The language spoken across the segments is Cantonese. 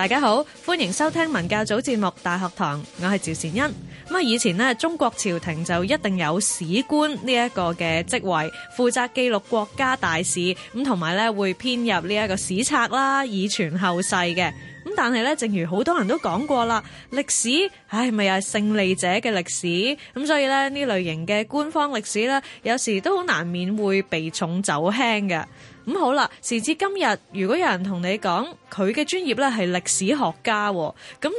大家好，歡迎收聽文教組節目《大學堂》，我係趙善欣。咁啊，以前咧，中國朝廷就一定有史官呢一個嘅職位，負責記錄國家大事，咁同埋咧會編入呢一個史冊啦，以傳後世嘅。咁但係咧，正如好多人都講過啦，歷史，係，咪又係勝利者嘅歷史，咁所以咧呢類型嘅官方歷史咧，有時都好難免會避重就輕嘅。咁好啦，時至今日，如果有人同你講佢嘅專業咧係歷史學家，咁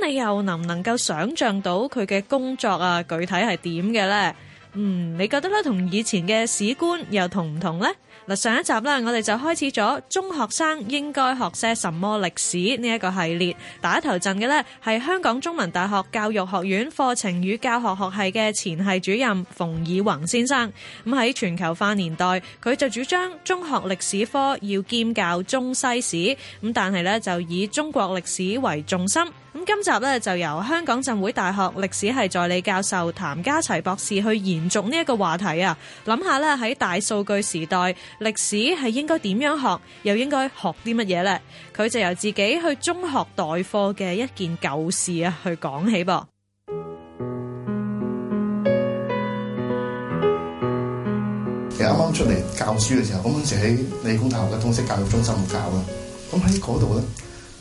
你又能唔能夠想象到佢嘅工作啊具體係點嘅呢？嗯，你覺得咧同以前嘅史官又同唔同呢？嗱，上一集啦，我哋就開始咗中學生應該學些什麼歷史呢一個系列。打頭陣嘅咧，係香港中文大學教育學院課程與教學學系嘅前系主任馮以浤先生。咁喺全球化年代，佢就主張中學歷史科要兼教中西史，咁但係咧就以中國歷史為重心。今集咧，就由香港浸會大學歷史系助理教授譚家齊博士去延續呢一個話題啊，諗下咧，喺大數據時代歷史系應該點樣學，又應該學啲乜嘢咧？佢就由自己去中學代課嘅一件舊事啊，去講起噃。其實啱啱出嚟教書嘅時候，我當時喺理工大學嘅通識教育中心教啊。咁喺嗰度咧，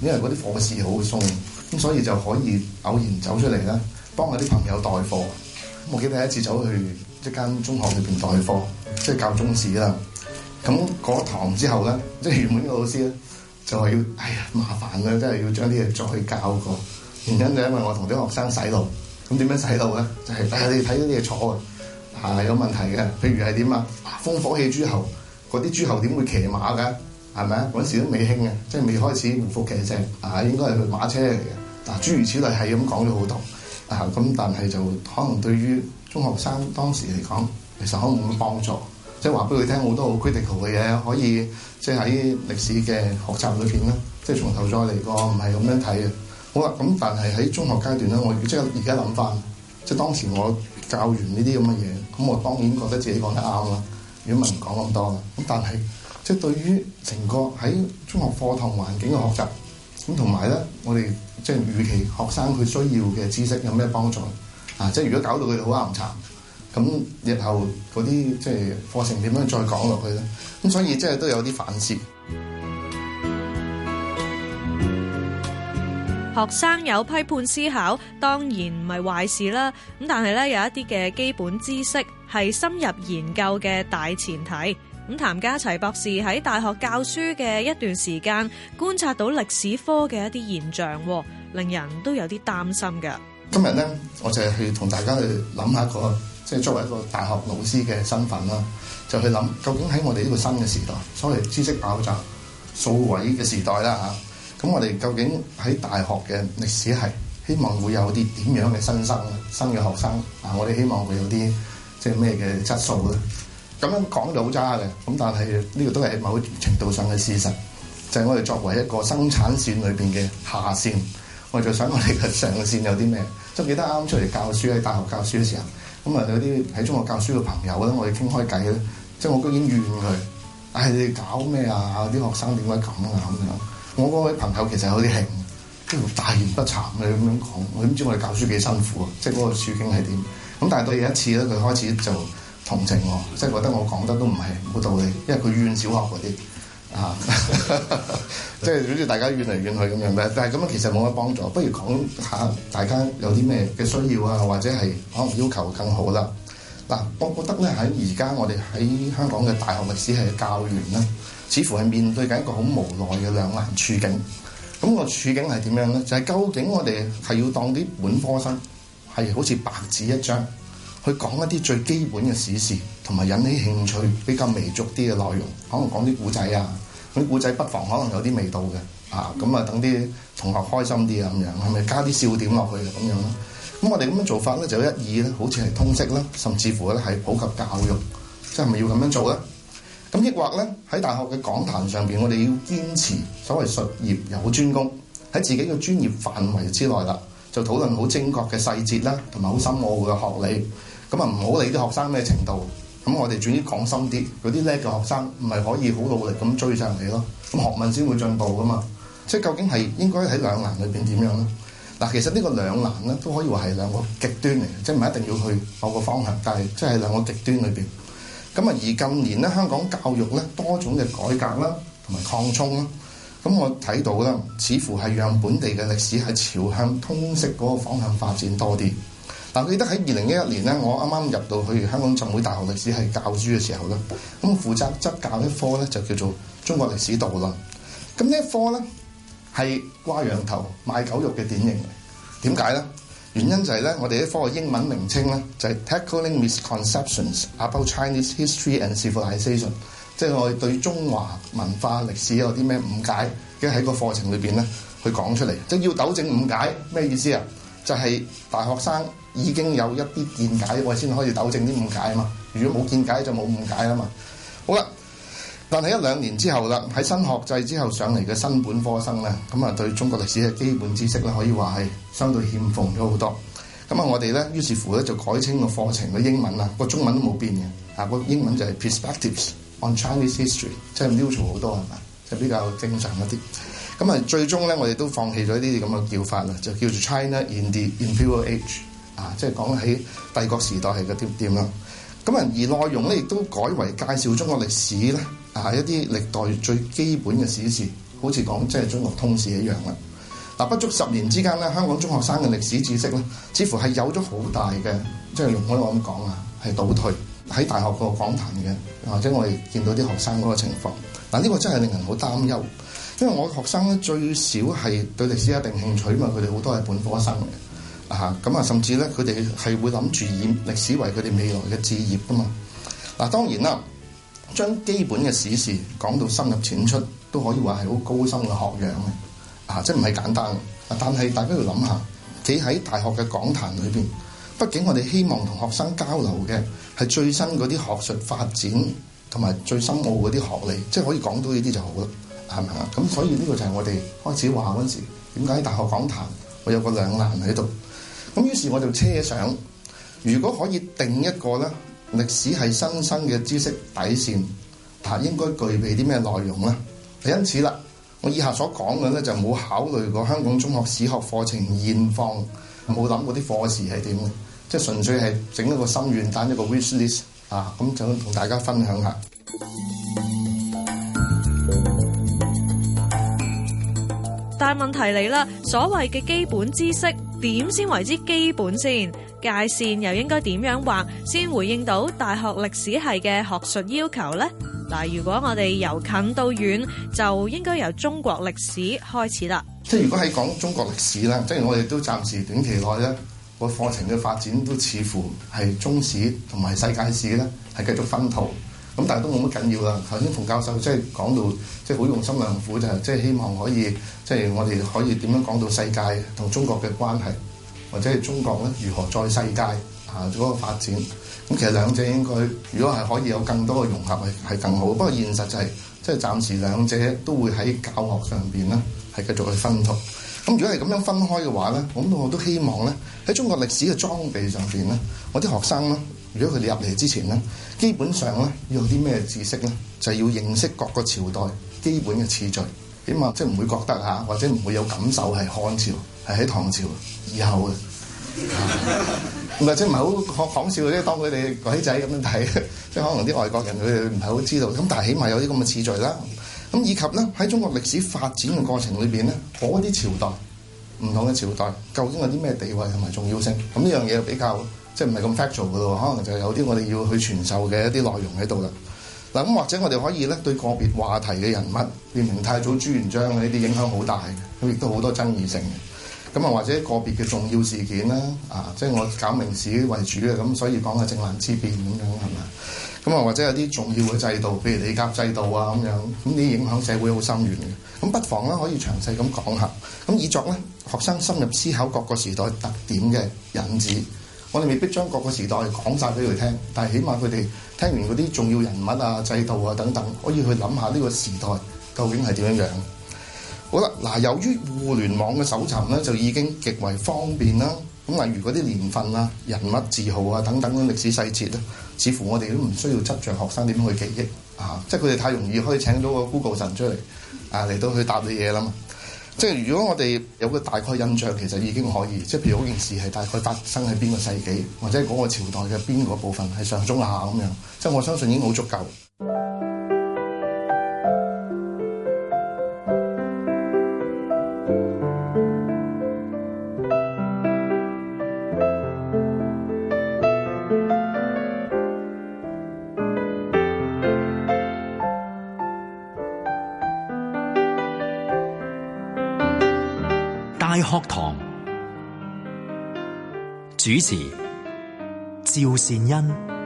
因為嗰啲課時好鬆。咁所以就可以偶然走出嚟啦，幫我啲朋友代課。我記得第一次走去一間中學裏面代課，即係教中史啦。咁嗰堂之後咧，即係原本嘅老師咧就話要，哎呀麻煩啦，真係要將啲嘢再教過。原因就因為我同啲學生洗腦。咁點樣洗腦呢？就係誒你睇啲嘢錯啊，係、啊、有問題嘅。譬如係點啊？烽火戲諸侯，嗰啲諸侯點會騎馬嘅？係咪啊？嗰時都未興嘅，即係未開始復興期正啊，應該係去馬車嚟嘅。嗱、啊，諸如此類係咁講咗好多啊。咁但係就可能對於中學生當時嚟講，其實可冇乜幫助。即係話俾佢聽好多好 critical 嘅嘢，可以即係喺歷史嘅學習裏邊咧，即係從頭再嚟過，唔係咁樣睇嘅。好啦，咁但係喺中學階段咧，我即係而家諗返，即係當時我教完呢啲咁嘅嘢，咁我當然覺得自己講得啱啦，如果唔係講咁多啦。咁但係。即係對於成個喺中學課堂環境嘅學習，咁同埋咧，我哋即係預期學生佢需要嘅知識有咩幫助啊？即係如果搞到佢好岩殘，咁日後嗰啲即係課程點樣再講落去咧？咁所以即係都有啲反思。學生有批判思考，當然唔係壞事啦。咁但係咧，有一啲嘅基本知識係深入研究嘅大前提。咁譚家齊博士喺大學教書嘅一段時間，觀察到歷史科嘅一啲現象，令人都有啲擔心嘅。今日咧，我就係去同大家去諗下個，即係作為一個大學老師嘅身份啦，就去諗究竟喺我哋呢個新嘅時代，所謂知識爆炸、數位嘅時代啦吓，咁、啊、我哋究竟喺大學嘅歷史系，希望會有啲點樣嘅新生、新嘅學生啊？我哋希望會有啲即係咩嘅質素咧？咁樣講就好渣嘅，咁但係呢個都係某程度上嘅事實，就係、是、我哋作為一個生產線裏邊嘅下線，我哋就想我哋嘅上線有啲咩？即係記得啱啱出嚟教書喺大學教書嘅時候，咁啊有啲喺中國教書嘅朋友咧，我哋傾開偈咧，即係我居然怨佢，唉、哎，你搞咩啊？啲學生點解咁啊？咁樣，我嗰位朋友其實有啲興，即係大言不慚嘅咁樣講，我點知我哋教書幾辛苦啊，即係嗰個處境係點？咁但係到有一次咧，佢開始就。同情我、哦，即係覺得我講得都唔係冇道理，因為佢怨小學嗰啲，啊，即係好似大家怨嚟怨去咁樣，但但係咁樣其實冇乜幫助。不如講下大家有啲咩嘅需要啊，或者係可能要求更好啦。嗱、啊，我覺得咧喺而家我哋喺香港嘅大學歷史系教員咧，似乎係面對緊一個好無奈嘅兩難處境。咁、嗰個處境係點樣咧？就係、是、究竟我哋係要當啲本科生，係好似白紙一張。去講一啲最基本嘅史事，同埋引起興趣比較微足啲嘅內容，可能講啲故仔啊，啲故仔不妨可能有啲味道嘅，啊，咁啊等啲同學開心啲啊咁樣，係咪加啲笑點落去咁樣咯？咁我哋咁樣做法咧就一二咧，好似係通識啦，甚至乎咧係普及教育，即係咪要咁樣做咧？咁抑或咧喺大學嘅講壇上邊，我哋要堅持所謂術業有專攻，喺自己嘅專業範圍之內啦，就討論好精確嘅細節啦，同埋好深奧嘅學理。咁啊，唔好理啲學生咩程度，咁我哋轉啲講深啲，嗰啲叻嘅學生唔係可以好努力咁追上人哋咯，咁學問先會進步㗎嘛。即係究竟係應該喺兩難裏邊點樣咧？嗱，其實呢個兩難咧都可以話係兩個極端嚟嘅，即係唔係一定要去某個方向，但係即係兩個極端裏邊。咁啊，而近年咧，香港教育咧多種嘅改革啦，同埋擴充啦，咁我睇到啦，似乎係讓本地嘅歷史係朝向通識嗰個方向發展多啲。嗱，記得喺二零一一年咧，我啱啱入到去香港浸會大學歷史系教書嘅時候咧，咁負責執教一科咧就叫做中國歷史導論。咁呢一科咧係掛羊頭賣狗肉嘅典型嚟。點解咧？原因就係咧，我哋一科嘅英文名稱咧就係 Tackling misconceptions about Chinese history and civilization，即係我哋對中華文化歷史有啲咩誤解，跟喺個課程裏邊咧去講出嚟。即係要糾正誤解，咩意思啊？就係大學生。已經有一啲見解，我先可以糾正啲誤解啊嘛。如果冇見解就冇誤解啊嘛。好啦，但係一兩年之後啦，喺新學制之後上嚟嘅新本科生咧，咁啊對中國歷史嘅基本知識咧，可以話係相對欠奉咗好多。咁啊，我哋咧於是乎咧就改清個課程嘅英文啦，個中文都冇變嘅啊。個英文就係 Perspectives on Chinese History，即係 neutral 好多係嘛，就係比較正常一啲。咁啊，最終咧我哋都放棄咗呢啲咁嘅叫法啦，就叫做 China in the Imperial Age。啊，即係講起帝國時代係個點點啦。咁啊，而內容咧亦都改為介紹中國歷史咧，啊一啲歷代最基本嘅史事，好似講即係中國通史一樣啦。嗱、啊，不足十年之間咧，香港中學生嘅歷史知識咧、啊，似乎係有咗好大嘅，即係用開我咁講啊，係倒退喺大學個講壇嘅，或者我哋見到啲學生嗰個情況。嗱、啊，呢、這個真係令人好擔憂，因為我學生咧最少係對歷史有一定興趣啊嘛，佢哋好多係本科生嘅。啊！咁啊，甚至咧，佢哋係會諗住以歷史為佢哋未來嘅志業啊嘛。嗱、啊，當然啦，將基本嘅史事講到深入淺出，都可以話係好高深嘅學養嘅啊，啊，即係唔係簡單啊？但係大家要諗下，企喺大學嘅講壇裏邊，畢竟我哋希望同學生交流嘅係最新嗰啲學術發展同埋最深奧嗰啲學理，即係可以講到呢啲就好啦，係咪？係啊？咁所以呢個就係我哋開始話嗰陣時，點解喺大學講壇會有個兩難喺度？咁於是我就車上。如果可以定一個咧歷史係新生嘅知識底線，啊應該具備啲咩內容咧？因此啦，我以下所講嘅咧就冇考慮過香港中學史學課程現況，冇諗過啲課時係點嘅，即係純粹係整一個心願單一個 wish list 啊，咁就同大家分享下。但係問題嚟啦，所謂嘅基本知識。點先為之基本先？界線又應該點樣畫先回應到大學歷史系嘅學術要求呢？嗱，如果我哋由近到遠，就應該由中國歷史開始啦。即係如果係講中國歷史咧，即係我哋都暫時短期內咧，個課程嘅發展都似乎係中史同埋世界史咧係繼續分途。咁但係都冇乜緊要啦。頭先馮教授即係講到，即係好用心良苦，就係即係希望可以，即係我哋可以點樣講到世界同中國嘅關係，或者係中國咧如何在世界啊嗰個發展。咁其實兩者應該，如果係可以有更多嘅融合，係係更好。不過現實就係、是，即係暫時兩者都會喺教學上邊咧，係繼續去分佈。咁如果係咁樣分開嘅話咧，咁我都希望咧喺中國歷史嘅裝備上邊咧，我啲學生咧。如果佢哋入嚟之前咧，基本上咧要有啲咩知識咧，就係要認識各個朝代基本嘅次序，起碼即係唔會覺得吓，或者唔會有感受係漢朝係喺唐朝以後嘅。唔係即係唔係好講笑嘅啫， 當佢哋鬼仔咁樣睇，即係可能啲外國人佢哋唔係好知道。咁但係起碼有啲咁嘅次序啦。咁以及咧喺中國歷史發展嘅過程裏邊咧，嗰啲朝代唔同嘅朝代究竟有啲咩地位同埋重要性？咁呢樣嘢比較。即係唔係咁 factual 嘅咯？可能就有啲我哋要去傳授嘅一啲內容喺度啦。嗱，咁或者我哋可以咧對個別話題嘅人物，例如明太祖朱元璋呢啲影響好大嘅，咁亦都好多爭議性嘅。咁啊或者個別嘅重要事件啦，啊即係我搞明史為主嘅，咁所以講係靖難之變咁樣係咪？咁啊或者有啲重要嘅制度，譬如里甲制度啊咁樣，咁呢啲影響社會好深遠嘅。咁不妨咧可以詳細咁講下，咁以作咧學生深入思考各個時代特點嘅引子。我哋未必將各個時代講曬俾佢聽，但係起碼佢哋聽完嗰啲重要人物啊、制度啊等等，可以去諗下呢個時代究竟係點樣樣。好啦，嗱，由於互聯網嘅搜尋呢，就已經極為方便啦。咁例如嗰啲年份啊、人物字號啊等等嘅歷史細節咧，似乎我哋都唔需要執著學生點去記憶啊，即係佢哋太容易可以請到個 Google 神出嚟啊嚟到去答你嘢啦嘛。即係如果我哋有個大概印象，其實已經可以。即係譬如嗰件事係大概發生喺邊個世紀，或者係嗰個朝代嘅邊個部分係上中下咁樣。即係我相信已經好足夠。課堂主持：趙善恩。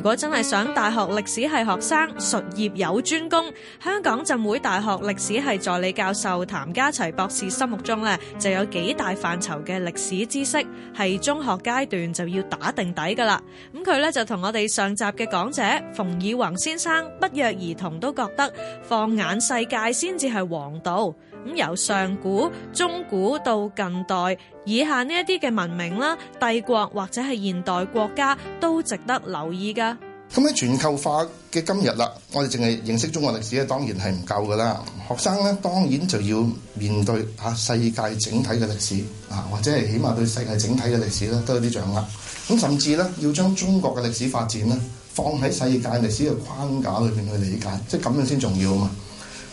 如果真係想大學，歷史系學生術業有專攻，香港浸會大學歷史系助理教授譚家齊博士心目中咧，就有幾大範疇嘅歷史知識係中學階段就要打定底噶啦。咁佢咧就同我哋上集嘅講者馮以浤先生不約而同都覺得放眼世界先至係王道。咁由上古、中古到近代以下呢一啲嘅文明啦、帝國或者係現代國家，都值得留意噶。咁喺全球化嘅今日啦，我哋淨係認識中國歷史咧，當然係唔夠噶啦。學生咧，當然就要面對吓世界整體嘅歷史啊，或者係起碼對世界整體嘅歷史咧都有啲掌握。咁甚至咧，要將中國嘅歷史發展咧放喺世界歷史嘅框架裏邊去理解，即係咁樣先重要啊嘛。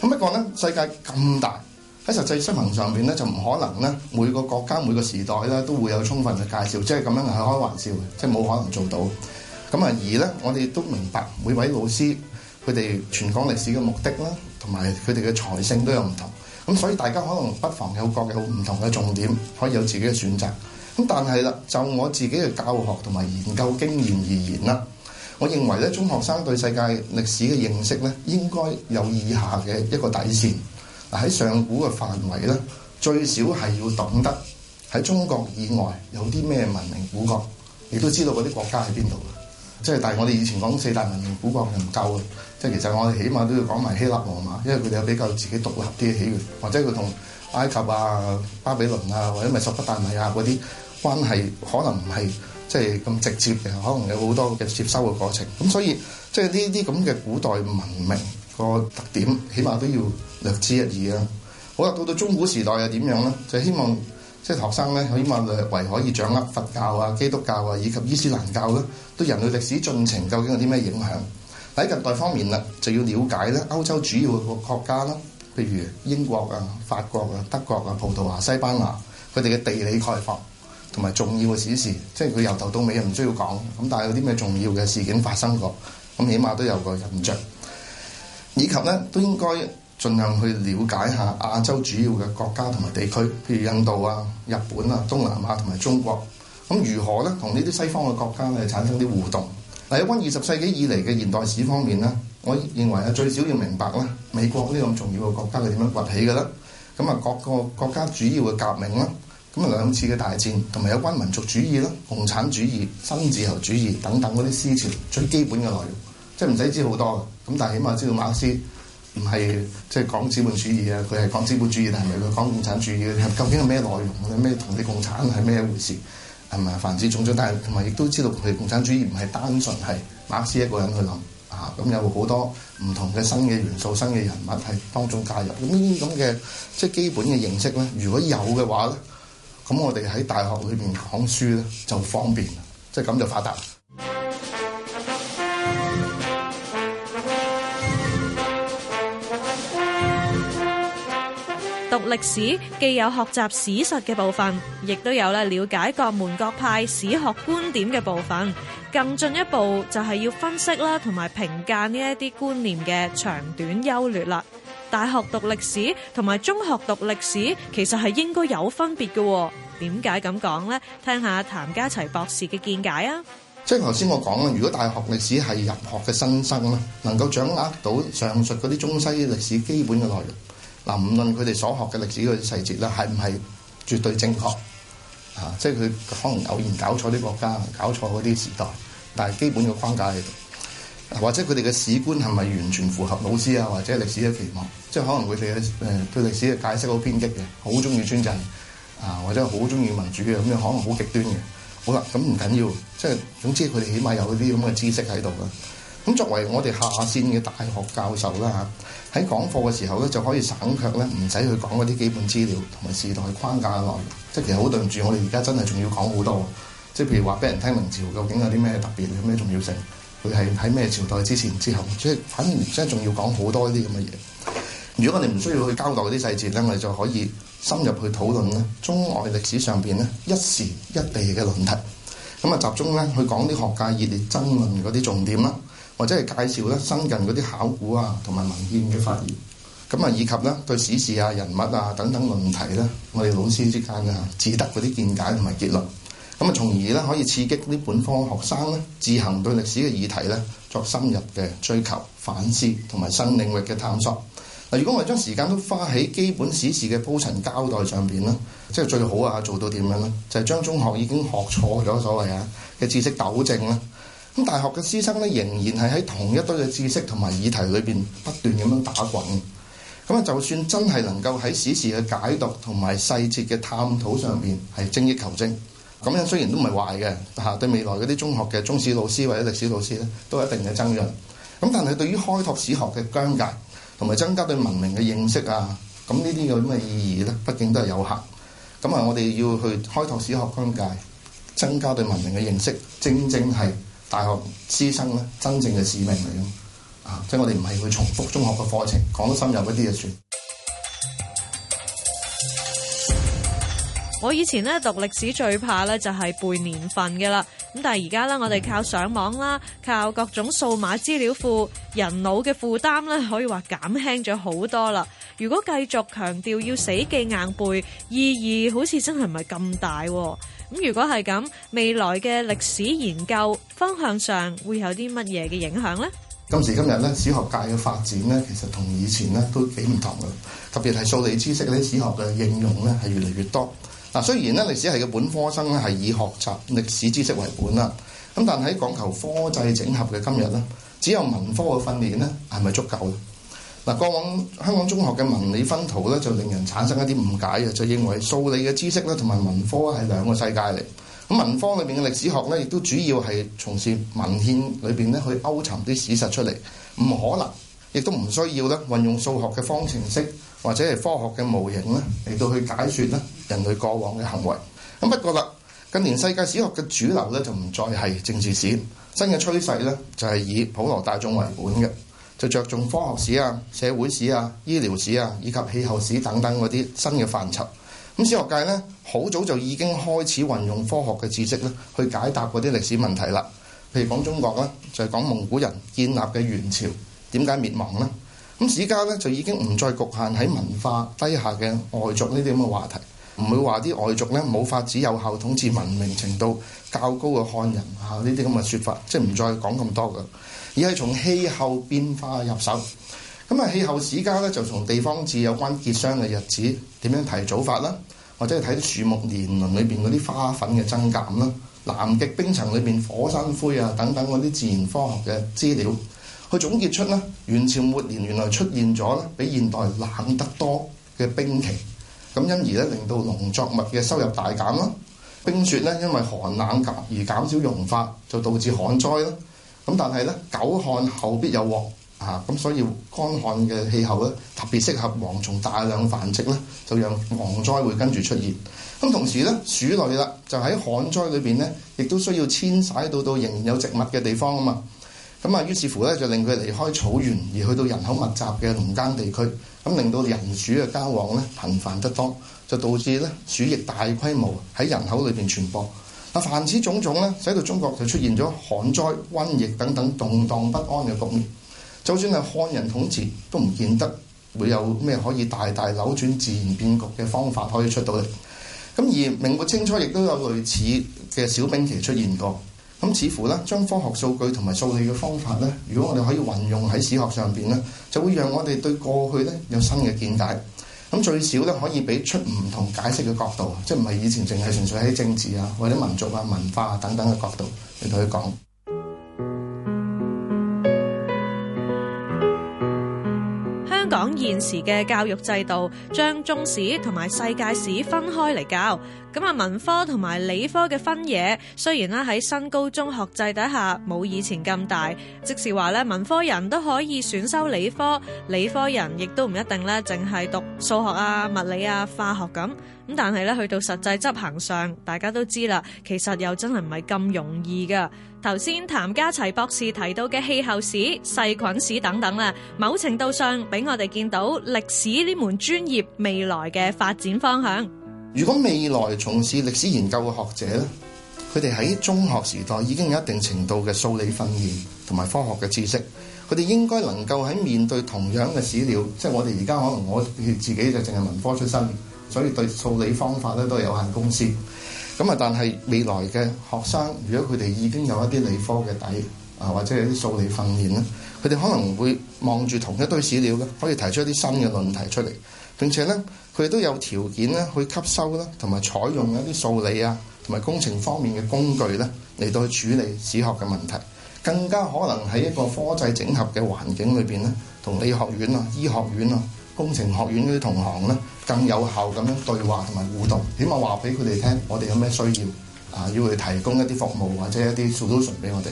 咁一個咧，世界咁大。喺實際新聞上面呢，就唔可能每個國家每個時代都會有充分嘅介紹，即係咁樣係開玩笑嘅，即係冇可能做到。咁而呢我哋都明白每位老師佢哋傳講歷史嘅目的啦，同埋佢哋嘅財性都有唔同。咁所以大家可能不妨有各有唔同嘅重點，可以有自己嘅選擇。咁但係啦，就我自己嘅教學同埋研究經驗而言啦，我認為呢中學生對世界歷史嘅認識呢應該有以下嘅一個底線。喺上古嘅範圍咧，最少係要懂得喺中國以外有啲咩文明古國，亦都知道嗰啲國家喺邊度嘅。即係但係我哋以前講四大文明古國係唔夠嘅，即係其實我哋起碼都要講埋希臘羅馬，因為佢哋有比較自己獨立啲嘅起源，或者佢同埃及啊、巴比倫啊，或者美索不達米亞嗰啲關係可能唔係即係咁直接嘅，可能有好多嘅接收嘅過程。咁所以即係呢啲咁嘅古代文明個特點，起碼都要略知一二啊！好啦，到到中古時代又點樣呢？就希望即係學生咧，起碼略為可以掌握佛教啊、基督教啊以及伊斯蘭教咧、啊，對人類歷史進程究竟有啲咩影響？喺近代方面啦，就要了解咧歐洲主要個國家啦，譬如英國啊、法國啊、德國啊、葡萄牙、啊、西班牙，佢哋嘅地理概況同埋重要嘅史事，即係佢由頭到尾又唔需要講咁，但係有啲咩重要嘅事件發生過，咁起碼都有個印象。以及呢，都應該盡量去了解一下亞洲主要嘅國家同埋地區，譬如印度啊、日本啊、東南亞同埋中國。咁如何呢？同呢啲西方嘅國家呢，產生啲互動？嗱，有關二十世紀以嚟嘅現代史方面呢，我認為最少要明白呢美國呢咁重要嘅國家係點樣崛起嘅啦。咁啊各個國家主要嘅革命啦，咁啊兩次嘅大戰同埋有關民族主義啦、共產主義、新自由主義等等嗰啲思潮最基本嘅內容。即係唔使知好多咁但係起碼知道馬克思唔係即係講資本主義啊，佢係講資本主義，但係佢講共產主義究竟係咩內容咩同啲共產係咩一回事係咪？是是凡此種種，但係同埋亦都知道佢共產主義唔係單純係馬克思一個人去諗啊，咁有好多唔同嘅新嘅元素、新嘅人物係當中加入咁呢啲咁嘅即係基本嘅認識咧。如果有嘅話咧，咁我哋喺大學裏邊講書咧就方便，即係咁就發達。讀歷史既有學習史實嘅部分，亦都有咧了解，各門各派史學觀點嘅部分，更進一步就係要分析啦，同埋評價呢一啲觀念嘅長短優劣啦。大學讀歷史同埋中學讀歷史其實係應該有分別嘅，點解咁講呢？聽下譚家齊博士嘅見解啊！即係頭先我講啦，如果大學歷史系入學嘅新生咧，能夠掌握到上述嗰啲中西歷史基本嘅內容。嗱，唔論佢哋所學嘅歷史嘅細節啦，係唔係絕對正確？啊，即係佢可能偶然搞錯啲國家，搞錯嗰啲時代，但係基本嘅框架喺度。啊，或者佢哋嘅史觀係咪完全符合老師啊，或者歷史嘅期望？即係可能佢哋誒對歷史嘅解釋好偏激嘅，好中意專制啊，或者好中意民主嘅。咁樣，可能好極端嘅。好啦，咁唔緊要，即係總之佢哋起碼有啲咁嘅知識喺度啦。咁作為我哋下線嘅大學教授啦嚇，喺講課嘅時候咧，就可以省卻咧，唔使去講嗰啲基本資料同埋時代框架嘅內容。即其實好對唔住，我哋而家真係仲要講好多。即譬如話，俾人聽明朝究竟有啲咩特別，有咩重要性，佢係喺咩朝代之前、之後，即係反而，即係仲要講好多呢啲咁嘅嘢。如果我哋唔需要去交代嗰啲細節咧，我哋就可以深入去討論咧，中外歷史上邊咧一時一地嘅論題，咁啊集中咧去講啲學界熱烈爭論嗰啲重點啦。或者係介紹咧新近嗰啲考古啊，同埋文獻嘅發現，以及咧對史事啊、人物啊等等論題咧，我哋老師之間啊，自得嗰啲見解同埋結論，咁從而呢，可以刺激啲本科學生咧自行對歷史嘅議題咧作深入嘅追求、反思同埋新領域嘅探索。如果我哋將時間都花喺基本史事嘅鋪陳交代上面咧，即係最好啊做到點樣呢？就係將中學已經學錯咗所謂啊嘅知識糾正咧。咁大學嘅師生呢，仍然係喺同一堆嘅知識同埋議題裏邊不斷咁樣打滾。咁啊，就算真係能夠喺史事嘅解讀同埋細節嘅探討上邊係精益求精，咁樣雖然都唔係壞嘅，嚇、啊、對未來嗰啲中學嘅中史老師或者歷史老師呢，都有一定嘅增潤。咁但係對於開拓史學嘅疆界同埋增加對文明嘅認識啊，咁呢啲有咩意義呢？畢竟都係有限。咁啊，我哋要去開拓史學疆界，增加對文明嘅認識，正正係，大學師生咧，真正嘅使命嚟咯，啊！即係我哋唔係去重複中學嘅課程，講深入一啲就算。我以前咧讀歷史最怕咧就係背年份嘅啦，咁但係而家咧我哋靠上網啦，靠各種數碼資料庫，人腦嘅負擔咧可以話減輕咗好多啦。如果繼續強調要死記硬背，意義好似真係唔係咁大。咁如果係咁，未來嘅歷史研究方向上會有啲乜嘢嘅影響呢？今時今日咧，史學界嘅發展咧，其實同以前咧都幾唔同嘅。特別係數理知識嗰啲史學嘅應用咧，係越嚟越多。嗱，雖然咧歷史系嘅本科生咧係以學習歷史知識為本啦，咁但喺講求科際整合嘅今日咧，只有文科嘅訓練咧係咪足夠？嗱，過往香港中學嘅文理分途咧，就令人產生一啲誤解嘅，就認為數理嘅知識咧，同埋文科係兩個世界嚟。咁文科裏邊嘅歷史學咧，亦都主要係從事文獻裏邊咧去勾尋啲史實出嚟，唔可能，亦都唔需要咧運用數學嘅方程式或者係科學嘅模型咧嚟到去解說咧人類過往嘅行為。咁不過啦，近年世界史學嘅主流咧就唔再係政治史，新嘅趨勢咧就係以普羅大眾為本嘅。就着重科學史啊、社會史啊、醫療史啊以及氣候史等等嗰啲新嘅範疇。咁、嗯、史學界呢，好早就已經開始運用科學嘅知識咧，去解答嗰啲歷史問題啦。譬如講中國咧，就係、是、講蒙古人建立嘅元朝點解滅亡呢？咁、嗯、而家咧就已經唔再局限喺文化低下嘅外，外族呢啲咁嘅話題，唔會話啲外族咧冇法子有效統治文明程度較高嘅漢人啊呢啲咁嘅説法，即係唔再講咁多嘅。而係從氣候變化入手，咁啊氣候史家咧就從地方志有關結霜嘅日子點樣提早法啦，或者係睇啲樹木年輪裏面嗰啲花粉嘅增減啦，南極冰層裏面火山灰啊等等嗰啲自然科學嘅資料，佢總結出咧，元朝末年原來出現咗比現代冷得多嘅冰期，咁因而咧令到農作物嘅收入大減啦，冰雪呢，因為寒冷噉而減少融化，就導致旱災咯。但係咧，久旱後必有禍，啊，所以乾旱嘅氣候特別適合蝗蟲大量繁殖咧，就讓蝗災會跟住出現。同時咧，鼠類就喺旱災裏面咧，亦都需要遷徙到到仍然有植物嘅地方啊嘛。啊，於是乎就令佢離開草原而去到人口密集嘅農耕地區，嗯，令到人鼠嘅交往咧頻繁得多，就導致咧鼠疫大規模喺人口裏面傳播。凡此種種咧，使到中國就出現咗旱災、瘟疫等等動盪不安嘅局面。就算係漢人統治，都唔見得會有咩可以大大扭轉自然變局嘅方法可以出到嚟。咁而明末清初亦都有類似嘅小冰期出現過。咁似乎咧，將科學數據同埋數理嘅方法咧，如果我哋可以運用喺史學上邊咧，就會讓我哋對過去咧有新嘅見解。咁最少咧，可以畀出唔同解釋嘅角度，即係唔係以前淨係純粹喺政治啊、或者民族啊、文化啊等等嘅角度嚟同佢講。講現時嘅教育制度，將中史同埋世界史分開嚟教，咁啊文科同埋理科嘅分野，雖然咧喺新高中學制底下冇以前咁大，即是話咧文科人都可以選修理科，理科人亦都唔一定咧淨係讀數學啊、物理啊、化學咁，咁但係咧去到實際執行上，大家都知啦，其實又真係唔係咁容易噶頭先譚家齊博士提到嘅氣候史、細菌史等等啦，某程度上俾我哋見到歷史呢門專業未來嘅發展方向。如果未來從事歷史研究嘅學者咧，佢哋喺中學時代已經有一定程度嘅數理訓練同埋科學嘅知識，佢哋應該能夠喺面對同樣嘅史料，即係我哋而家可能我自己就淨係文科出身，所以對數理方法咧都係有限公司。但係未來嘅學生，如果佢哋已經有一啲理科嘅底、啊、或者係啲數理訓練咧，佢哋可能會望住同一堆史料嘅，可以提出一啲新嘅論題出嚟。並且呢，佢哋都有條件咧去吸收啦，同埋採用一啲數理啊，同埋工程方面嘅工具呢，嚟到處理史學嘅問題。更加可能喺一個科際整合嘅環境裏邊咧，同理學院啊、醫學院啊、工程學院嗰啲同行呢。更有效咁樣對話同埋互動，起碼話俾佢哋聽，我哋有咩需要啊，要去提供一啲服務或者一啲 solution 俾我哋。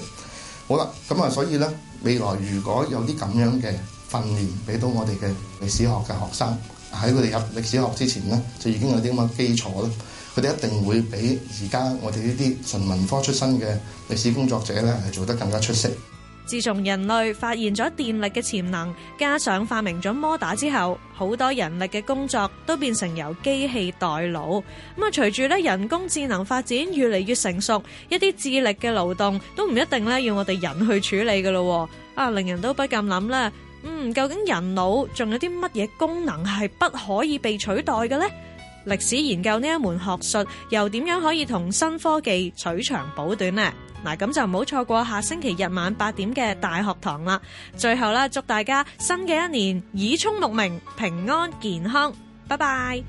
好啦，咁啊，所以咧，未來如果有啲咁樣嘅訓練俾到我哋嘅歷史學嘅學生，喺佢哋入歷史學之前咧，就已經有啲咁嘅基礎啦。佢哋一定會比而家我哋呢啲純文科出身嘅歷史工作者咧係做得更加出色。自從人類發現咗電力嘅潛能，加上發明咗摩打之後，好多人力嘅工作都變成由機器代勞。咁啊，隨住咧人工智能發展越嚟越成熟，一啲智力嘅勞動都唔一定咧要我哋人去處理㗎咯。啊，令人都不禁諗啦，嗯，究竟人腦仲有啲乜嘢功能係不可以被取代嘅呢？歷史研究呢一門學術，又點樣可以同新科技取長補短呢？嗱，咁就唔好錯過下星期日晚八點嘅大學堂啦。最後啦，祝大家新嘅一年耳聰目明、平安健康。拜拜。